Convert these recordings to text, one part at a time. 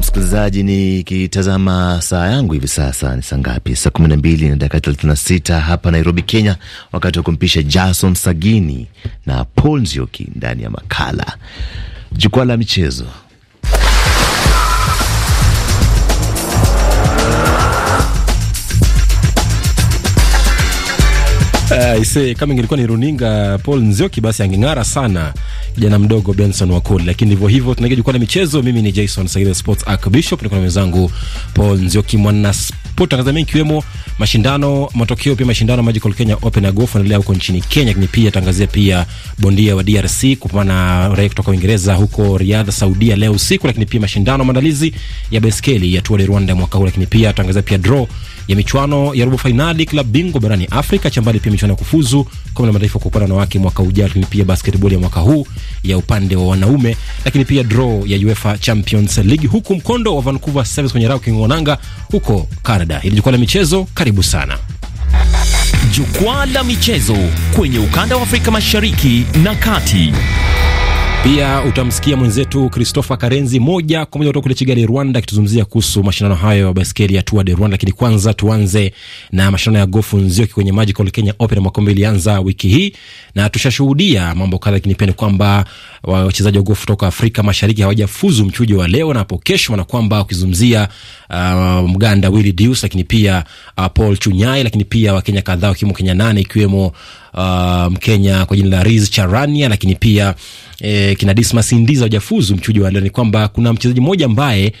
msikilizaji, nikitazama saa yangu hivi sasa ni saa ngapi? Saa kumi na mbili na dakika thelathini na sita hapa Nairobi, Kenya, wakati wa kumpisha Jason Sagini na Paul Nzioki ndani ya makala Jukwaa la Michezo. Uh, eh, ise kama ingelikuwa ni runinga Paul Nzioki basi angeng'ara sana kijana mdogo Benson Wakoli, lakini hivyo hivyo. Tunaingia jukwaa la michezo. Mimi ni Jason Sagile, sports archbishop, niko na mwenzangu Paul Nzioki, mwana sport tangaza mengi, ikiwemo mashindano, matokeo pia mashindano Magical Kenya Open ya golf endelea huko nchini Kenya, lakini pia tangazia pia bondia wa DRC kupambana na raia kutoka Uingereza huko Riyadh, Saudia leo usiku, lakini pia mashindano maandalizi ya baiskeli ya Tour de Rwanda mwaka huu, lakini pia tangazia pia draw ya michuano ya robo finali klabu bingwa barani Afrika chambali pia michuano ya kufuzu kombe la mataifa kwa upande wa wanawake mwaka ujao, lakini pia basketball ya mwaka huu ya upande wa wanaume, lakini pia draw ya UEFA Champions League, huku mkondo wa Vancouver Service kwenye Raking Wananga huko Canada. Ili jukwaa la michezo, karibu sana jukwaa la michezo kwenye ukanda wa Afrika Mashariki na Kati. Pia utamsikia mwenzetu Christopher Karenzi moja kwa moja kutoka kule Kigali, Rwanda, akituzungumzia kuhusu mashindano hayo ya baiskeli ya Tour de Rwanda. Lakini kwanza tuanze na mashindano ya gofu Nzioki kwenye Magical Kenya Open mwaka mbili ilianza wiki hii na tushashuhudia mambo kadha, lakini pia ni kwamba wachezaji wa gofu kutoka Afrika Mashariki hawajafuzu mchujo wa leo na hapo kesho, na kwamba ukizungumzia uh, Mganda Willy Deus, lakini pia uh, Paul Chunyai, lakini pia Wakenya kadhaa wakiwemo Kenya nane ikiwemo Mkenya um, kwa jina la Riz Charania, lakini pia e, kina Dismas Ndiza wajafuzu mchujo wa leo. Ni kwamba kuna mchezaji mmoja ambaye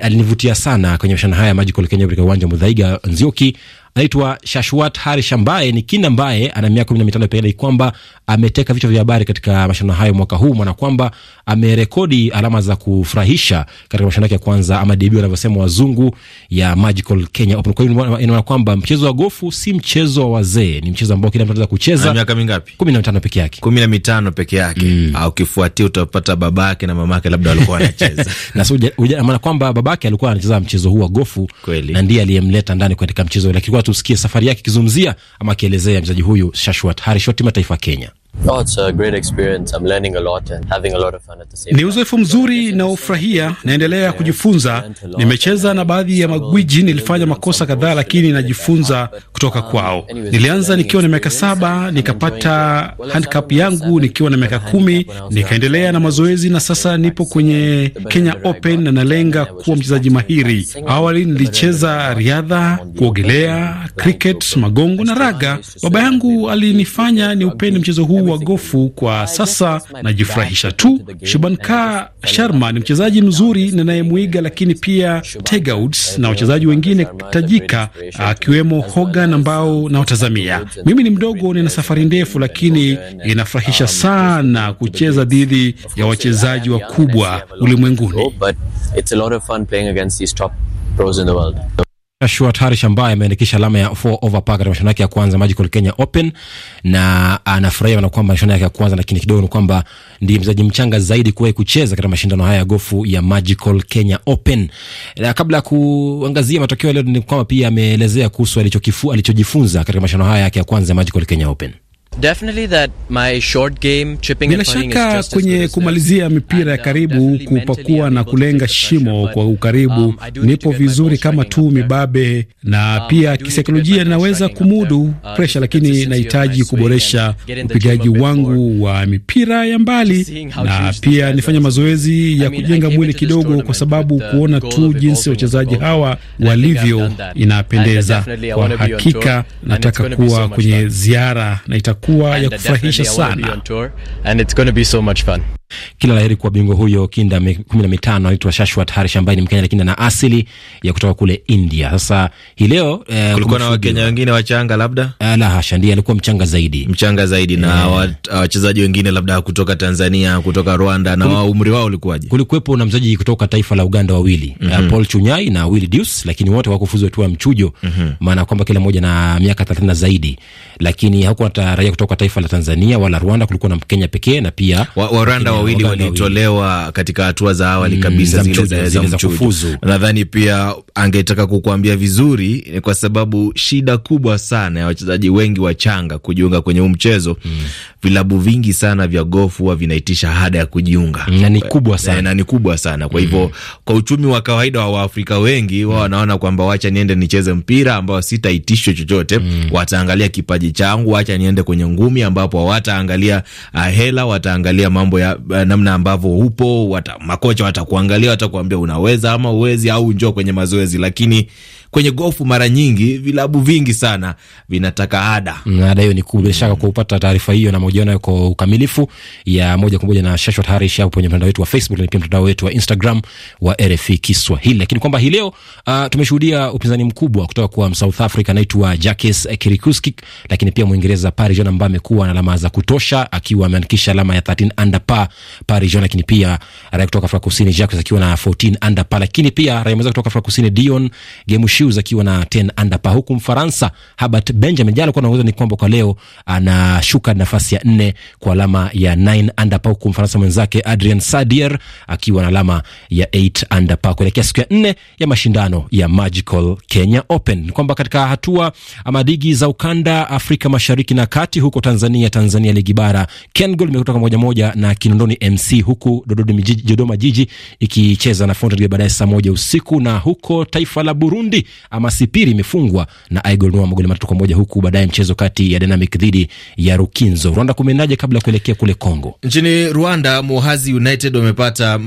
alinivutia sana kwenye mashindano haya Magical Kenya katika uwanja wa Muthaiga Nzioki anaitwa Shashwat Harish ambaye ni kinda ambaye ana miaka kumi na mitano pekee, kwamba ameteka vichwa vya habari katika mashindano hayo mwaka huu, mwana kwamba amerekodi alama za kufurahisha katika mashindano yake ya kwanza ama debut wanavyosema wazungu ya Magical Kenya Open. Kwa hiyo inaona kwamba mchezo wa gofu si mchezo wa wazee, ni mchezo ambao kila mtu anaweza kucheza. Miaka mingapi? kumi na mitano peke yake, kumi na mitano peke yake. Mm. Au ah, ukifuatia utapata babake na mamake labda walikuwa wanacheza na sio maana kwamba babake alikuwa anacheza mchezo huu wa gofu, na ndiye aliyemleta ndani katika mchezo, lakini tusikie safari yake ikizungumzia ama akielezea mchezaji huyu Shashwat Harish wa timu ya taifa Kenya. Oh, ni uzoefu mzuri naofurahia, naendelea kujifunza. Nimecheza na baadhi ya magwiji, nilifanya makosa kadhaa, lakini najifunza kutoka um, kwao. Nilianza nikiwa na miaka saba, nikapata handicap yangu nikiwa na miaka kumi, nikaendelea na mazoezi na sasa nipo uh, kwenye Kenya Open na nalenga kuwa mchezaji mahiri. Awali nilicheza riadha, kuogelea, cricket, magongo na raga. Baba yangu alinifanya ni upende mchezo huu wa gofu. Kwa sasa najifurahisha tu. Shubanka Sharma ni mchezaji mzuri ninayemwiga, lakini pia Tiger Woods na wachezaji wengine tajika akiwemo Hogan ambao naotazamia. Mimi ni mdogo, nina safari ndefu, lakini inafurahisha sana kucheza dhidi ya wachezaji wakubwa ulimwenguni. Joshua Tarish ambaye ameandikisha alama ya 4 over par katika mashindano yake ya kwanza Magical Kenya Open, na anafurahia na kwamba mashindano yake ya kwanza, lakini kidogo ni kwamba ndiye mchezaji mchanga zaidi kuwahi kucheza katika mashindano haya ya gofu ya Magical Kenya Open. Na kabla ya kuangazia matokeo leo, ni kwamba pia ameelezea kuhusu alichojifunza katika mashindano haya yake ya kwanza ya Magical Kenya Open. Bila shaka kwenye kumalizia mipira ya um, karibu, kupakua na kulenga shimo kwa ukaribu, um, nipo vizuri kama tu mibabe na um, pia kisaikolojia naweza kumudu uh, presha, lakini nahitaji kuboresha upigaji wangu wa mipira ya mbali, na pia nifanya mazoezi ya kujenga mwili kidogo, kwa sababu kuona tu jinsi wachezaji hawa walivyo inapendeza. Kwa hakika nataka kuwa kwenye ziara na itakuwa itakuwa ya kufurahisha sana. Kila laheri kwa bingwa huyo kinda kumi na mitano anaitwa Shashwat Harish ambaye ni Mkenya lakini ana asili ya kutoka kule India. Sasa hii leo eh, kulikuwa na Wakenya wengine wachanga labda eh, la hasha, ndiye alikuwa mchanga zaidi, mchanga zaidi na yeah. Eh. wachezaji wengine labda kutoka Tanzania, kutoka Rwanda na wa umri wao ulikuwaje? Kulikuwepo na mchezaji kutoka taifa la Uganda wawili mm -hmm. Paul Chunyai na Willy Dius, lakini wote hawakufuzu hatua mhm. ya mchujo maana mm -hmm. kwamba kila mmoja na miaka 30 zaidi, lakini hakuna raia kutoka taifa la Tanzania wala Rwanda. Kulikuwa na Mkenya pekee na pia wa, wa Rwanda wawili walitolewa katika hatua za awali mm, kabisa mm, zile za kufuzu. Nadhani pia angetaka kukuambia vizuri, ni eh, kwa sababu shida kubwa sana ya wachezaji wengi wachanga kujiunga kwenye huu mchezo mm. Vilabu vingi sana vya gofu huwa vinaitisha hada ya kujiunga mm, na ni eh, kubwa eh, sana, na ni kubwa sana. Kwa mm. hivyo mm. kwa uchumi wa kawaida wa Waafrika wengi wao wanaona kwamba wacha niende nicheze mpira ambao sitaitishwe chochote mm. wataangalia kipaji changu, wacha niende kwenye ngumi ambapo wataangalia ah, hela, wataangalia mambo ya Eh, namna ambavyo upo wata, makocha watakuangalia, watakuambia unaweza ama uwezi, au njoo kwenye mazoezi, lakini kwenye gofu mara nyingi vilabu vingi sana vinataka ada. Mm, ada hiyo ni kubwa bila shaka. Kwa upata taarifa hiyo na mahojiano kwa ukamilifu ya moja kwa moja na Shashwat Harish hapo kwenye mtandao wetu wa Facebook na pia mtandao wetu wa Instagram wa RFI Kiswahili. Lakini kwamba hii leo uh, tumeshuhudia upinzani mkubwa kutoka kwa South Africa anaitwa Jacques Kirikuski, lakini pia Mwingereza Paris Jean ambaye amekuwa na alama za kutosha akiwa ameandikisha alama ya 13 under par Paris Jean, lakini pia raia kutoka Afrika Kusini Jacques akiwa na 14 under par, lakini pia raia kutoka Afrika Kusini Dion Gemushi Shoes akiwa na 10 under par, huku Mfaransa Herbert Benjamin jalo alikuwa anaongoza, ni kwamba kwa leo anashuka nafasi ya nne kwa alama ya 9 under par, huku Mfaransa mwenzake Adrian Sadier akiwa na alama ya 8 under par kuelekea siku ya nne ya mashindano ya Magical Kenya Open. Ni kwamba katika hatua ama ligi za ukanda Afrika Mashariki na Kati, huko Tanzania, Tanzania ligi bara KenGold imekutoka moja moja na Kinondoni MC, huku Dodoma Jiji ikicheza na Fountain Gate baadaye saa moja usiku, na huko taifa la Burundi ama Sipiri imefungwa na Igor Noah magoli matatu kwa moja huku baadaye mchezo kati ya Dynamic dhidi ya Rukinzo. Rwanda kumeendaje kabla ya kuelekea kule Kongo? Nchini Rwanda, Muhazi United wamepata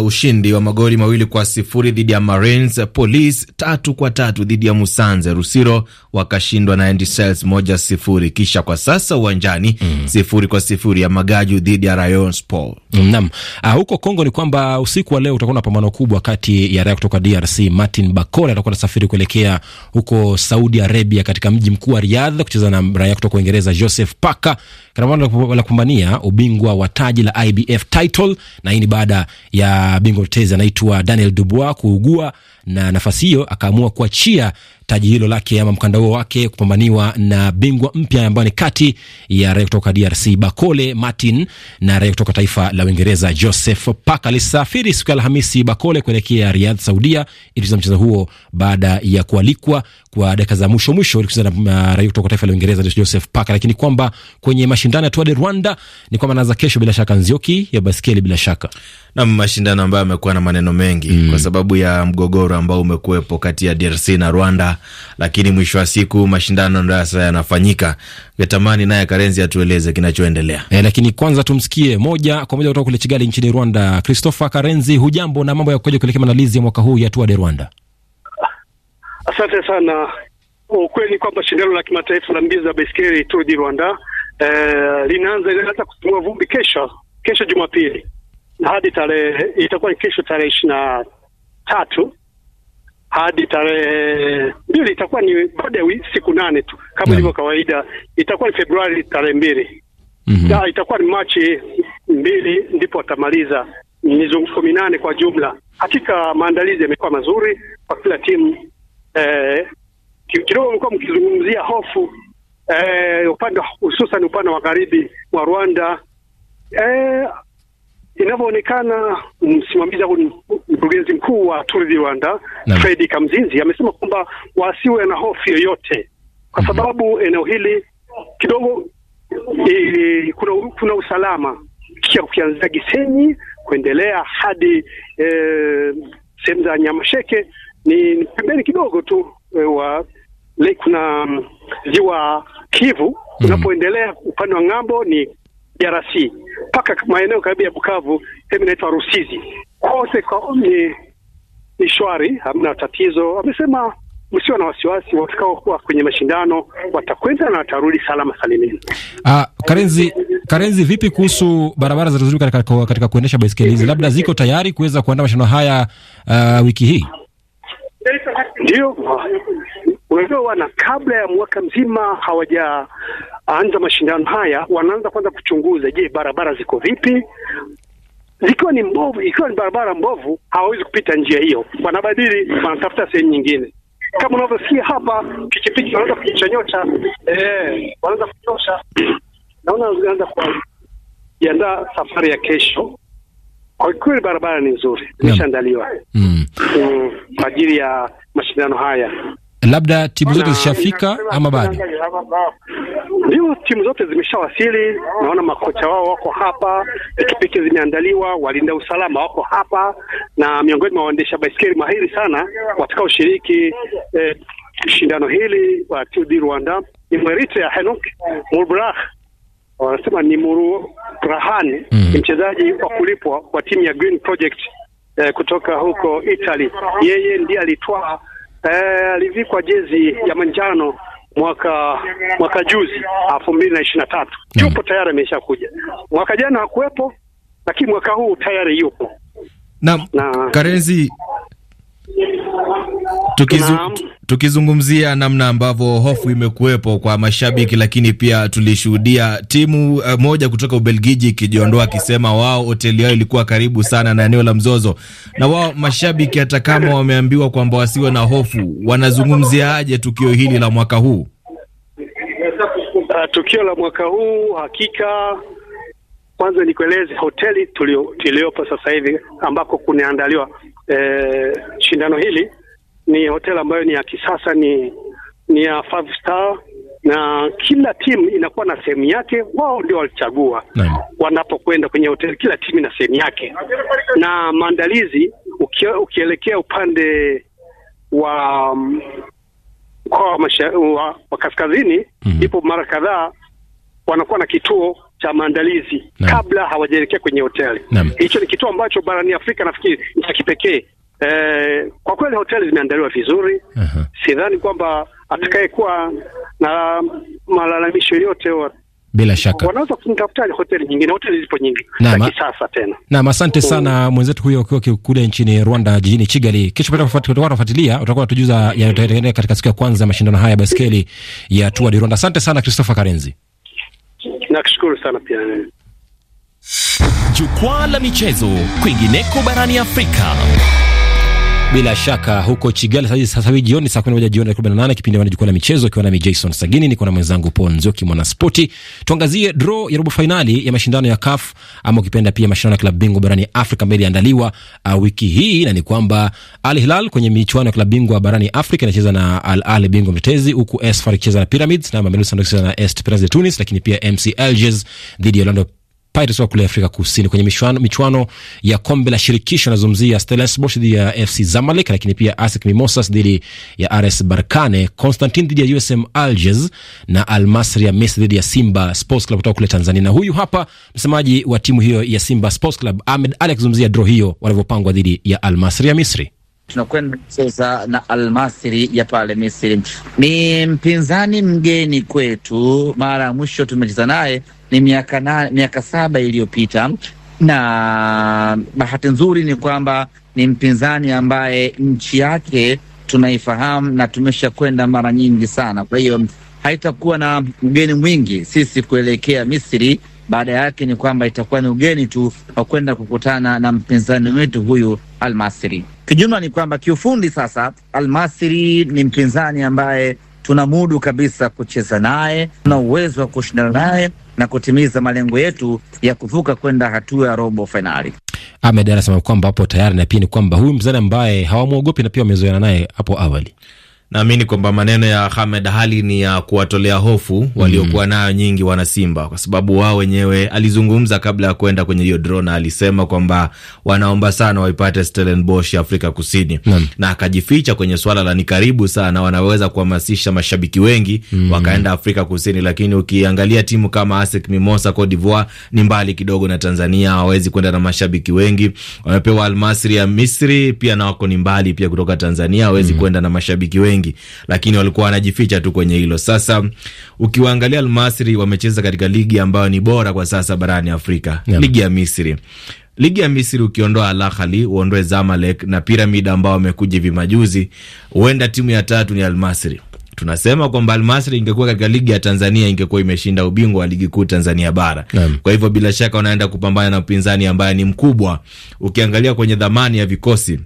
uh, ushindi wa magoli mawili kwa sifuri dhidi ya Marines, Police tatu kwa tatu dhidi ya Musanze, Rusiro wakashindwa na Andy moja sifuri. Kisha kwa sasa uwanjani mm. sifuri kwa sifuri ya Magaju dhidi ya Rayon Sport. Naam, uh, huko Kongo ni kwamba usiku wa leo utakuwa na pambano kubwa kati ya raia kutoka DRC Martin Bakole atakuwa anasafiri kusafiri kuelekea huko Saudi Arabia, katika mji mkuu wa Riyadh kucheza na raia kutoka Uingereza Joseph Parker katika la kupambania ubingwa wa taji la IBF title, na hii ni baada ya bingwa mtetezi anaitwa Daniel Dubois kuugua, na nafasi hiyo akaamua kuachia taji hilo lake ama mkanda huo wake kupambaniwa na bingwa mpya ambayo ni kati ya raia kutoka DRC Bakole Martin na raia kutoka taifa la Uingereza Joseph Park. Alisafiri siku ya Alhamisi Bakole kuelekea Riyadh, Saudia ili kucheza mchezo huo baada ya kualikwa kwa dakika za mwisho mwisho ili kucheza na uh, raia kutoka taifa la Uingereza Joseph Park, lakini kwamba kwenye mashindano ya Tour de Rwanda ni kwamba anaanza kesho bila shaka Nzioki ya baskeli bila shaka na mashindano ambayo amekuwa na maneno mengi mm, kwa sababu ya mgogoro ambao umekuwepo kati ya DRC na Rwanda, lakini mwisho wa siku mashindano ndio sasa yanafanyika. Getamani naye Karenzi atueleze kinachoendelea. E, lakini kwanza tumsikie moja kwa moja kutoka kule Kigali nchini Rwanda. Christopher Karenzi, hujambo na mambo ya kuja kuelekea maandalizi ya mwaka huu ya Tour de Rwanda? Asante sana. Ukweli kwamba shindano la kimataifa la mbio za baiskeli Tour de Rwanda eh, linaanza linaanza kusimua vumbi kesho kesho Jumapili hadi tarehe itakuwa ni kesho tarehe ishirini na tatu hadi tarehe mbili itakuwa ni baada ya siku nane tu kama ilivyo kawaida, itakuwa ni Februari tarehe mbili. mm -hmm. itakuwa ni Machi mbili ndipo atamaliza mizunguko minane kwa jumla. Hakika maandalizi yamekuwa mazuri kwa kila timu eh, kidogo mlikuwa mkizungumzia hofu eh, upande hususan upande wa magharibi wa Rwanda eh, Inavyoonekana, msimamizi au mkurugenzi mkuu wa Tour Rwanda Fred Kamzinzi amesema kwamba wasiwe na hofu yoyote kwa mhm. sababu eneo hili kidogo e, kuna, kuna usalama kisha ukianzia Gisenyi kuendelea hadi e, sehemu za Nyamasheke ni pembeni kidogo tu e, wa kuna ziwa Kivu mhm. unapoendelea upande wa ng'ambo ni ya rasi mpaka maeneo karibu ya Bukavu, sehemu inaitwa Rusizi, kose kwa ni, ni shwari, hamna tatizo. Amesema msio na wasiwasi, watakaokuwa kwenye mashindano watakwenda na watarudi salama salimini. Ah, Karenzi, Karenzi, vipi kuhusu barabara zilizotumika katika, katika kuendesha baiskeli hizi, labda ziko tayari kuweza kuandaa mashindano haya uh, wiki hii? Ndio, Unajua, wana kabla ya mwaka mzima hawajaanza mashindano haya, wanaanza kwanza kuchunguza, je, barabara ziko vipi? Zikiwa ni mbovu, ikiwa ni barabara mbovu, hawawezi kupita njia hiyo, wanabadili, wanatafuta sehemu nyingine. Kama unavyosikia hapa, pikipiki wanaanza kuchanyosha, nyota, eh, wanaanza kuchosha. Naona wanaanza kujiandaa safari ya kesho. Kwa kweli barabara ni nzuri, imeshaandaliwa mm. mm, kwa ajili ya mashindano haya. Labda timu zote zishafika ama bado? Ndio, timu zote zimeshawasili. Naona makocha wao wako hapa, pikipiki zimeandaliwa, walinda usalama wako hapa, na miongoni mwa waendesha baiskeli mahiri sana watakaoshiriki eh, shindano hili wa Tour du Rwanda ni ya Henok Mulbrah, wanasema ni Murahan, hmm. ni mchezaji wa kulipwa wa timu ya Green Project eh, kutoka huko Italy. Yeye ndiye alitwaa eh, alivikwa jezi ya manjano mwaka mwaka juzi elfu mbili na ishirini na tatu hmm. yupo tayari, amesha kuja mwaka jana hakuwepo, lakini mwaka huu tayari yupo na, na karenzi tukizu, tukizungumzia namna ambavyo hofu imekuwepo kwa mashabiki, lakini pia tulishuhudia timu uh, moja kutoka Ubelgiji ikijiondoa akisema wao hoteli yao ilikuwa karibu sana na eneo la mzozo, na wao mashabiki hata kama wameambiwa kwamba wasiwe na hofu, wanazungumziaje tukio hili la mwaka huu? Uh, tukio la mwaka huu hakika kwanza nikueleze hoteli tuliyopo sasa hivi ambako kunaandaliwa eh, shindano hili ni hoteli ambayo ni ya kisasa, ni ni ya five star na kila timu inakuwa na sehemu yake. Wao ndio walichagua wanapokwenda kwenye hoteli, kila timu ina sehemu yake na maandalizi. Uki, ukielekea upande wa mm, mkoa wa, wa kaskazini mm -hmm. ipo mara kadhaa wanakuwa na kituo cha maandalizi kabla hawajaelekea kwenye hoteli. Hicho ni kituo ambacho barani Afrika nafikiri ni cha kipekee Eh, kwa kweli hoteli zimeandaliwa vizuri. uh -huh. Sidhani kwamba atakayekuwa na malalamisho yote wa bila shaka wanaweza kumtafuta hoteli nyingine. Hoteli zipo nyingi za kisasa tena. Naam, asante mm. sana um, mwenzetu huyo ukiwa kule nchini Rwanda jijini Kigali. Kesho tutakuwa tunafuatilia, utakuwa unatujuza yanayotendeka katika siku ya kwanza ya mashindano haya ya baskeli ya Tour de Rwanda. Asante sana Christopher Karenzi, nakushukuru sana pia. Jukwaa la michezo kwingineko barani Afrika bila shaka huko Kigali sasa hivi jioni saa kumi na moja jioni kumi na nane kipindi wanajukua jukwaa la michezo ikiwa nami Jason Sagini, niko na mwenzangu Paul Nzioki mwana spoti. Tuangazie draw ya robo fainali ya mashindano ya CAF ama ukipenda pia mashindano ya klabu bingwa barani Afrika ambayo iliandaliwa uh, wiki hii, na ni kwamba Al Hilal kwenye michuano ya klabu bingwa barani Afrika inacheza na Al Ahly bingwa mtetezi, huku AS FAR ikicheza na Pyramids na Mamelodi Sundowns na Est Prince de Tunis, lakini pia MC Alger dhidi ya Orlando Pirates wa kule Afrika Kusini kwenye michuano, michuano ya kombe la shirikisho, Anazungumzia Stellenbosch dhidi ya FC Zamalek, lakini pia ASEC Mimosas dhidi ya RS Barkane, Constantine dhidi ya USM Alges na Al Masry ya Misri dhidi ya Simba Sports Club kutoka kule Tanzania. Na huyu hapa msemaji wa timu hiyo ya Simba Sports Club, Ahmed Ali, akizungumzia draw hiyo walivyopangwa dhidi ya Al ya Misri. Tunakwenda kucheza na Almasiri ya pale Misri, ni mpinzani mgeni kwetu. Mara ya mwisho tumecheza naye ni miaka na, miaka saba iliyopita, na bahati nzuri ni kwamba ni mpinzani ambaye nchi yake tunaifahamu na tumesha kwenda mara nyingi sana, kwa hiyo haitakuwa na mgeni mwingi sisi kuelekea Misri. Baada yake ni kwamba itakuwa ni ugeni tu wa kwenda kukutana na mpinzani wetu huyu Almasri. Kijumla ni kwamba kiufundi, sasa Almasri ni mpinzani ambaye tuna mudu kabisa kucheza naye, tuna uwezo wa kushindana naye, na kutimiza malengo yetu ya kuvuka kwenda hatua ya robo fainali. Ahmed anasema kwamba hapo tayari na pia ni kwamba huyu mzani ambaye hawamwogopi na pia wamezoeana naye hapo awali naamini kwamba maneno ya Hamed Hali ni ya kuwatolea hofu waliokuwa mm. nayo nyingi wana Simba, kwa sababu wao wenyewe, alizungumza kabla ya kwenda kwenye hiyo draw na alisema kwamba wanaomba sana waipate Stellenbosch ya Afrika Kusini mm. na akajificha kwenye swala la ni karibu sana, wanaweza kuhamasisha mashabiki wengi mm. wakaenda Afrika Kusini, lakini ukiangalia timu kama ASEC Mimosa Cote d'Ivoire ni mbali kidogo na Tanzania, hawawezi kwenda na mashabiki wengi. Wamepewa Almasri ya Misri pia na wako ni mbali pia kutoka Tanzania, hawawezi mm. kwenda na mashabiki wengi nyingi, lakini walikuwa wanajificha tu kwenye hilo. Sasa ukiwaangalia Almasri wamecheza katika ligi ambayo ni bora kwa sasa barani Afrika, yeah. ligi ya Misri ligi ya Misri ukiondoa Al Ahly uondoe Zamalek na Piramid ambao wamekuja hivi majuzi, huenda timu ya tatu ni Almasri. Tunasema kwamba Almasri ingekuwa katika ligi ya Tanzania ingekuwa imeshinda ubingwa wa ligi kuu Tanzania bara. Naam. Kwa hivyo bila shaka wanaenda kupambana na upinzani ambaye ni mkubwa, ukiangalia kwenye dhamani ya vikosi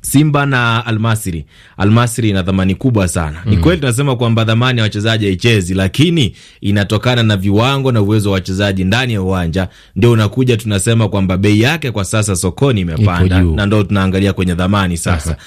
Simba na Almasri. Almasri ina thamani kubwa sana. Mm. Ni kweli tunasema kwamba dhamani ya wachezaji haichezi, lakini inatokana na viwango na uwezo wa wachezaji ndani ya uwanja, ndio unakuja tunasema kwamba bei yake kwa sasa sokoni imepanda na ndo tunaangalia kwenye dhamani sasa. Aha.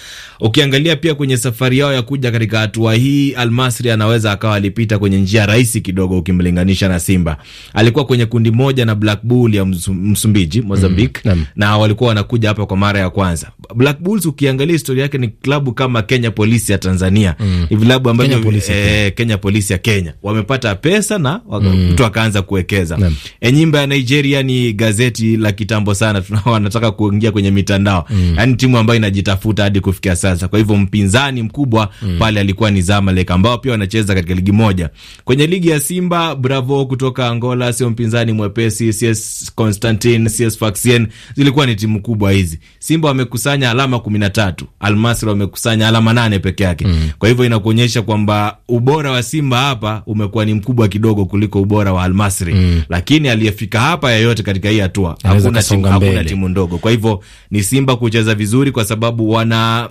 Ukiangalia pia kwenye safari yao ya kuja katika hatua hii, Almasri anaweza akawa alipita kwenye njia rahisi kidogo ukimlinganisha na Simba. Alikuwa kwenye kundi moja na Black Bulls ya Msumbiji, mm-hmm. Mozambique mm, na walikuwa wanakuja hapa kwa mara ya kwanza. Black Bulls ukiangalia historia yake ni klabu kama Kenya Polisi ya Tanzania. Mm. Ni vilabu ambavyo Kenya eh, Kenya Polisi ya Kenya. Wamepata pesa na mm. mtu mm, akaanza kuwekeza. Mm. Enyimba ya Nigeria ni gazeti la kitambo sana. Tunao wanataka kuingia kwenye mitandao. Mm. yani timu ambayo inajitafuta hadi kufikia sasa. Besiktas. Kwa hivyo mpinzani mkubwa mm. pale alikuwa ni Zamalek ambao pia wanacheza katika ligi moja. Kwenye ligi ya Simba, Bravo kutoka Angola sio mpinzani mwepesi. CS Constantine, CS Faxien zilikuwa ni timu kubwa hizi. Simba wamekusanya alama kumi na tatu, Almasri wamekusanya alama nane peke yake. Mm. Kwa hivyo inakuonyesha kwamba ubora wa Simba hapa umekuwa ni mkubwa kidogo kuliko ubora wa Almasri. Mm. Lakini aliyefika hapa yeyote katika hii hatua hakuna timu, hakuna timu ndogo. Kwa hivyo ni Simba kucheza vizuri kwa sababu wana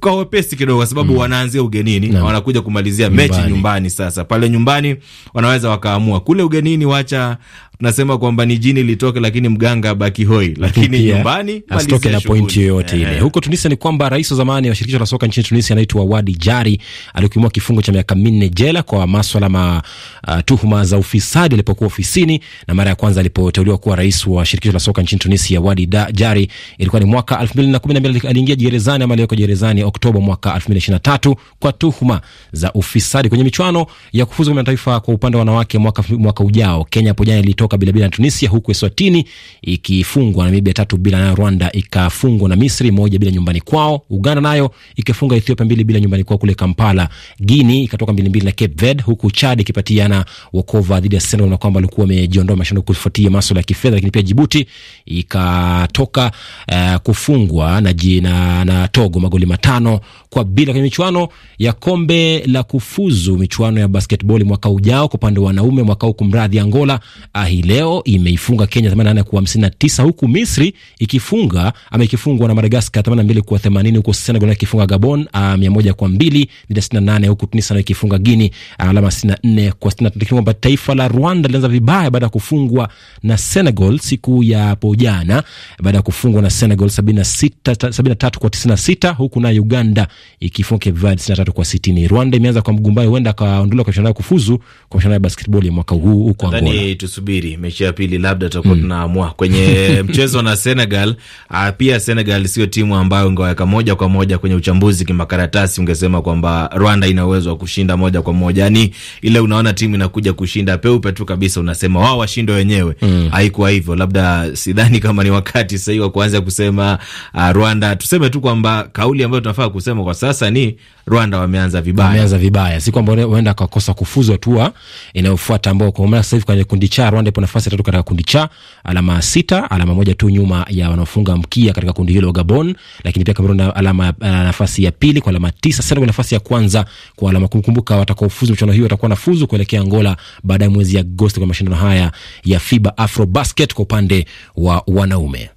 kwa wepesi kidogo, kwa sababu mm. wanaanzia ugenini na wanakuja kumalizia nyumbani. Mechi nyumbani. Sasa pale nyumbani wanaweza wakaamua, kule ugenini wacha tunasema kwamba ni jini litoke, lakini mganga abaki hoi, lakini nyumbani asitoke na pointi yoyote ile. Eh. Huko Tunisia ni kwamba rais wa zamani wa shirikisho la soka nchini Tunisia anaitwa Wadi Jari alihukumiwa kifungo cha miaka minne jela kwa maswala ma uh, tuhuma za ufisadi alipokuwa ofisini, na mara ya kwanza alipoteuliwa kuwa rais wa shirikisho la soka nchini Tunisia, Wadi da, Jari ilikuwa ni mwaka 2012 aliingia gerezani ama aliwekwa gerezani Oktoba mwaka 2023 kwa tuhuma za ufisadi kwenye michuano ya kufuzu kwa mataifa kwa upande wa wanawake mwaka, mwaka ujao. Kenya hapo jana ilitoa kutoka bila bila na Tunisia, huku Eswatini ikifungwa Namibia tatu bila, nayo Rwanda ikafungwa na Misri moja bila nyumbani kwao. Uganda nayo ikifunga Ethiopia mbili bila nyumbani kwao kule Kampala. Guini ikatoka mbili mbili na Cape Verde, huku Chad ikipatiana wokova dhidi ya Senegal na kwamba walikuwa wamejiondoa mashindo kufuatia maswala ya kifedha, lakini pia Jibuti ikatoka uh, kufungwa na, na, na Togo magoli matano kwa bila kwenye michuano ya kombe la kufuzu michuano ya basketball mwaka ujao kwa upande wa wanaume mwaka huu, kumradhi Angola ahi hii leo imeifunga Kenya 88 kwa 59, huku Misri ikifunga ama ikifungwa na Madagascar 82 kwa 80, huku Senegal ikifunga Gabon 100 ah, kwa 2 dhidi ya 68, huku Tunisia ikifunga Guinea ah, alama 64 kwa 63, kwamba taifa la Rwanda lilianza vibaya baada ya kufungwa na Senegal siku ya hapo jana, baada ya kufungwa na Senegal 76 73 kwa 96, huku na Uganda ikifunga Cape Verde 63 kwa 60. Rwanda imeanza kwa mgumbayo, huenda akaondolewa kwa shindano kufuzu kwa shindano ya basketball ya mwaka huu huko Angola. Tusubiri tusubiri mechi ya pili, labda tutakuwa mm. tunaamua kwenye mchezo na Senegal. Uh, pia Senegal sio timu ambayo ungeweka moja kwa moja kwenye uchambuzi kimakaratasi, ungesema kwamba Rwanda ina uwezo wa kushinda moja kwa moja, yani ile unaona timu inakuja kushinda peupe tu kabisa, unasema wao washindo wenyewe. mm. Haikuwa hivyo, labda sidhani kama ni wakati sahihi wa kuanza kusema uh, Rwanda. Tuseme tu kwamba kauli ambayo tunafaa kusema kwa sasa ni Rwanda wameanza vibaya, wameanza vibaya, si kwamba huenda akakosa kufuzu hatua ah, inayofuata, ambao kwa maana sasa hivi kwenye kundi cha Rwanda ipo nafasi tatu katika kundi cha alama sita, alama moja tu nyuma ya wanaofunga mkia katika kundi hilo Gabon, lakini pia Kamerun alama eh, nafasi ya pili kwa alama tisa, sasa kwa nafasi ya kwanza kwa alama. kumkumbuka, watakaofuzu mchuano hiyo watakuwa nafuzu kuelekea Angola baadaye mwezi Agosti kwa mashindano haya ya FIBA Afrobasket kwa upande wa wanaume.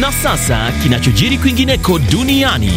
Na sasa kinachojiri kwingineko duniani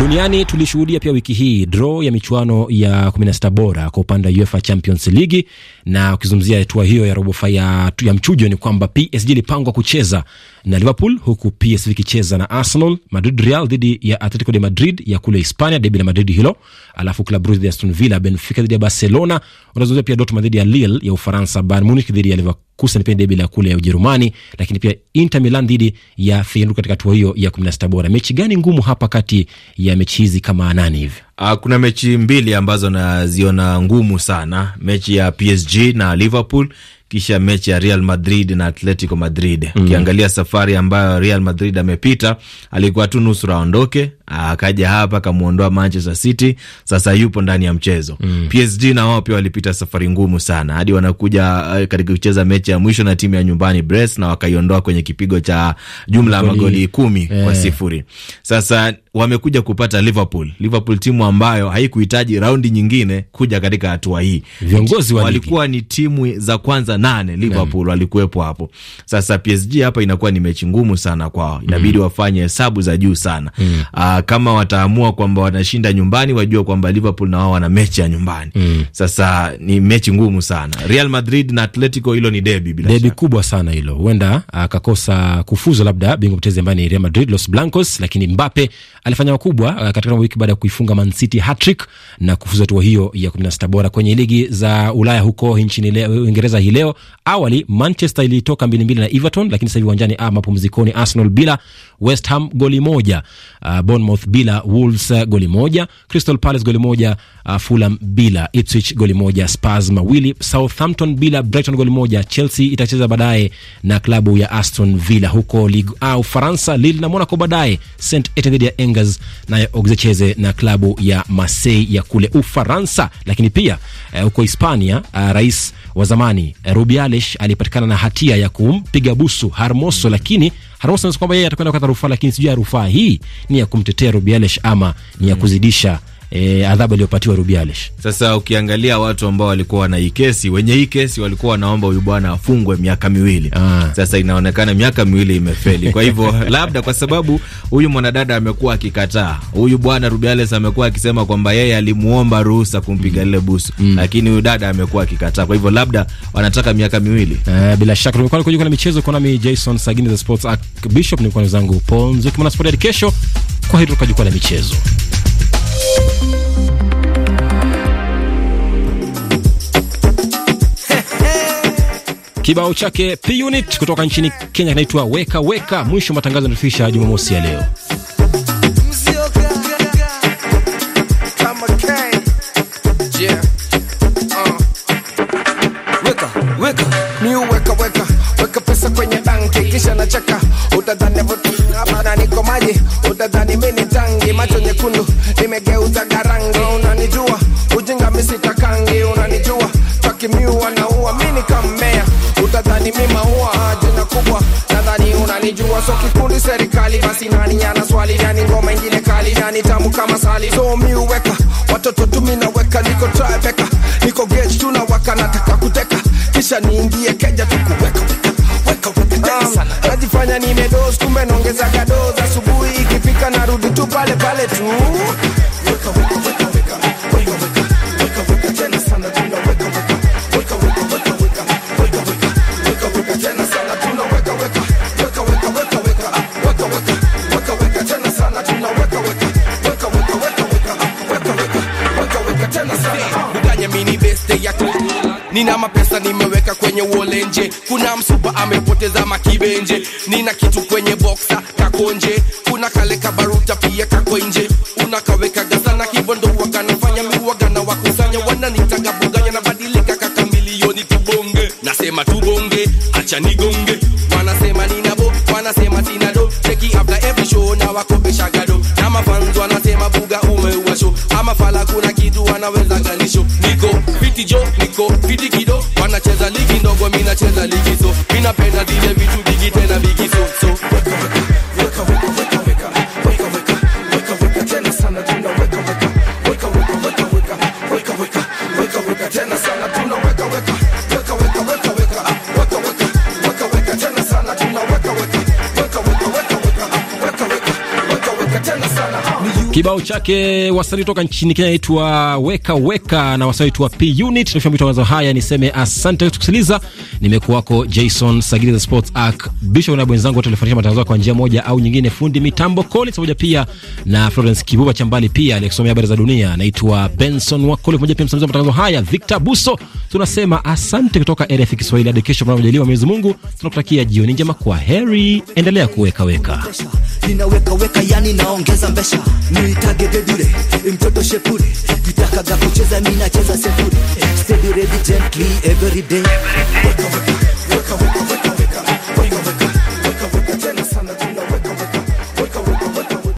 Duniani tulishuhudia pia wiki hii draw ya michuano ya 16 bora kwa upande wa UEFA Champions League, na ukizungumzia hatua hiyo ya robo ya, ya mchujo ni kwamba PSG ilipangwa kucheza na Liverpool, huku PSV ikicheza na Arsenal. Madrid Real dhidi ya Atletico de Madrid ya kule Hispania, debi la Madrid hilo, alafu Club Brugge dhidi ya Aston Villa, Benfica dhidi ya Barcelona, unazungumzia pia Dortmund dhidi ya Lille ya Ufaransa, Bayern Munich dhidi ya Leverkusen, pia debi la kule ya Ujerumani, lakini pia Inter Milan dhidi ya Feyenoord katika hatua hiyo ya bora. Mechi gani ngumu hapa kati ya mechi hizi kama nane hivi? Ah, kuna mechi mbili ambazo naziona ngumu sana, mechi ya PSG na Liverpool kisha mechi ya Real Madrid na Atletico Madrid. Mm. Ukiangalia mm. safari ambayo Real Madrid amepita, alikuwa tu nusura aondoke, akaja hapa akamwondoa Manchester City, sasa yupo ndani ya mchezo mm. PSG na wao pia walipita safari ngumu sana, hadi wanakuja eh, katika kucheza mechi ya mwisho na timu ya nyumbani Brest, na wakaiondoa kwenye kipigo cha jumla ya magoli kumi yeah. kwa eh. sifuri sasa wamekuja kupata Liverpool. Liverpool timu ambayo haikuhitaji raundi nyingine kuja katika hatua hii. Viongozi wa walikuwa ni timu za kwanza nane, Liverpool walikuwepo hapo. Sasa PSG hapa inakuwa ni mechi ngumu sana kwao, inabidi mm. wafanye hesabu za juu sana mm. Aa, ah, kama wataamua kwamba wanashinda nyumbani, wajua kwamba Liverpool na wao wana mechi ya nyumbani mm. Sasa ni mechi ngumu sana. Real Madrid na Atletico, hilo ni debi, bila debi kubwa sana hilo, huenda akakosa kufuzu labda bingwa mtetezi ambaye ni Real Madrid, Los Blancos, lakini Mbappe alifanya makubwa uh, katika wiki baada ya kuifunga Man City hat na kufuza hatua hiyo ya 16 bora kwenye ligi za Ulaya huko nchini uh, Uingereza hii leo. Awali Manchester ilitoka mbili mbili na Everton, lakini sasa hivi uwanjani uh, mapumzikoni, Arsenal bila West Ham goli moja, uh, Bournemouth bila Wolves goli moja, Crystal Palace goli moja, uh, Fulham bila Ipswich goli moja, Spurs mawili, Southampton bila Brighton goli moja. Chelsea itacheza baadaye na klabu ya Aston Villa huko Ligue 1 Ufaransa, Lille na Monaco baadaye Saint-Etienne ya Rangers nayo cheze na klabu ya Marseille ya kule Ufaransa. Lakini pia eh, huko uh, Hispania uh, rais wa zamani eh, Rubiales alipatikana na hatia ya kumpiga busu Hermoso, mm -hmm. lakini Hermoso anasema kwamba yeye atakwenda kukata rufaa, lakini sijui rufaa hii ni ya kumtetea Rubiales ama ni ya kuzidisha e, adhabu aliyopatiwa Rubiales. Sasa ukiangalia watu ambao walikuwa na hii kesi, wenye hii kesi walikuwa wanaomba huyu bwana afungwe miaka miwili. Ah. Sasa inaonekana miaka miwili imefeli. Kwa hivyo labda kwa sababu huyu mwanadada amekuwa akikataa. Huyu bwana Rubiales amekuwa akisema kwamba yeye alimuomba ruhusa kumpiga mm. lile busu. Mm. Lakini huyu dada amekuwa akikataa. Kwa hivyo labda wanataka miaka miwili. Eh, bila shaka tumekuwa kujua na michezo kuna mimi Jason Sagini the Sports Archbishop ni kwa wenzangu Paul Nzuki mwana Sport Education. Kwa hiyo tukajua na michezo. kibao chake P Unit kutoka nchini Kenya kinaitwa weka weka. Mwisho matangazo yanatufisha Jumamosi ya leo. utadhani tangi, macho nyekundu nimegeuza najua so kikundi serikali basi nani ana swali yani ngoma ingine kali yani tamu kama sali so uweka watoto tumi naweka niko trabeka niko gage tuna waka nataka kuteka kisha niingie keja tukuweka ah, najifanya nimedos kumbe naongeza dos asubuhi ikifika narudi tu pale pale tu nina mapesa nimeweka kwenye uole nje, kuna msuba amepoteza makibenje, nina kitu kwenye boksa kakonje, kuna kale kabaruta pia kako nje, unakaweka gazana hivyo ndo wakanafanya miwagana wakusanya wananitaga buganya na badilika kaka milioni tubonge, nasema tubonge, acha nigonge, wanasema nina bo, wanasema tinado cheki after every show na wakopesha gari inacheza ligi Kibao chake wasanii toka nchini Kenya naitwa weka weka na wasanii wa P Unit. Nifia matangazo haya, niseme asante kusikiliza. Nimekuwako Jason Sagiri the Sports Arc Bishop na wenzangu wote walifanikisha matangazo kwa njia moja au nyingine, fundi mitambo Collins pamoja pia na Florence Kibuba Chambali pia alikusomea habari za dunia. Naitwa Benson Wakoli pamoja pia msimamizi wa matangazo haya Victor Buso. Tunasema asante kutoka RFI Kiswahili hadi kesho, kwa majaliwa Mwenyezi Mungu. Tunakutakia jioni njema, kwa heri, endelea kuwekaweka. Ninaweka weka yani naongeza mbesha itagededure gedure imtotoshe pure kitakaga kucheza minacheza sefuri steady gently every day, every day.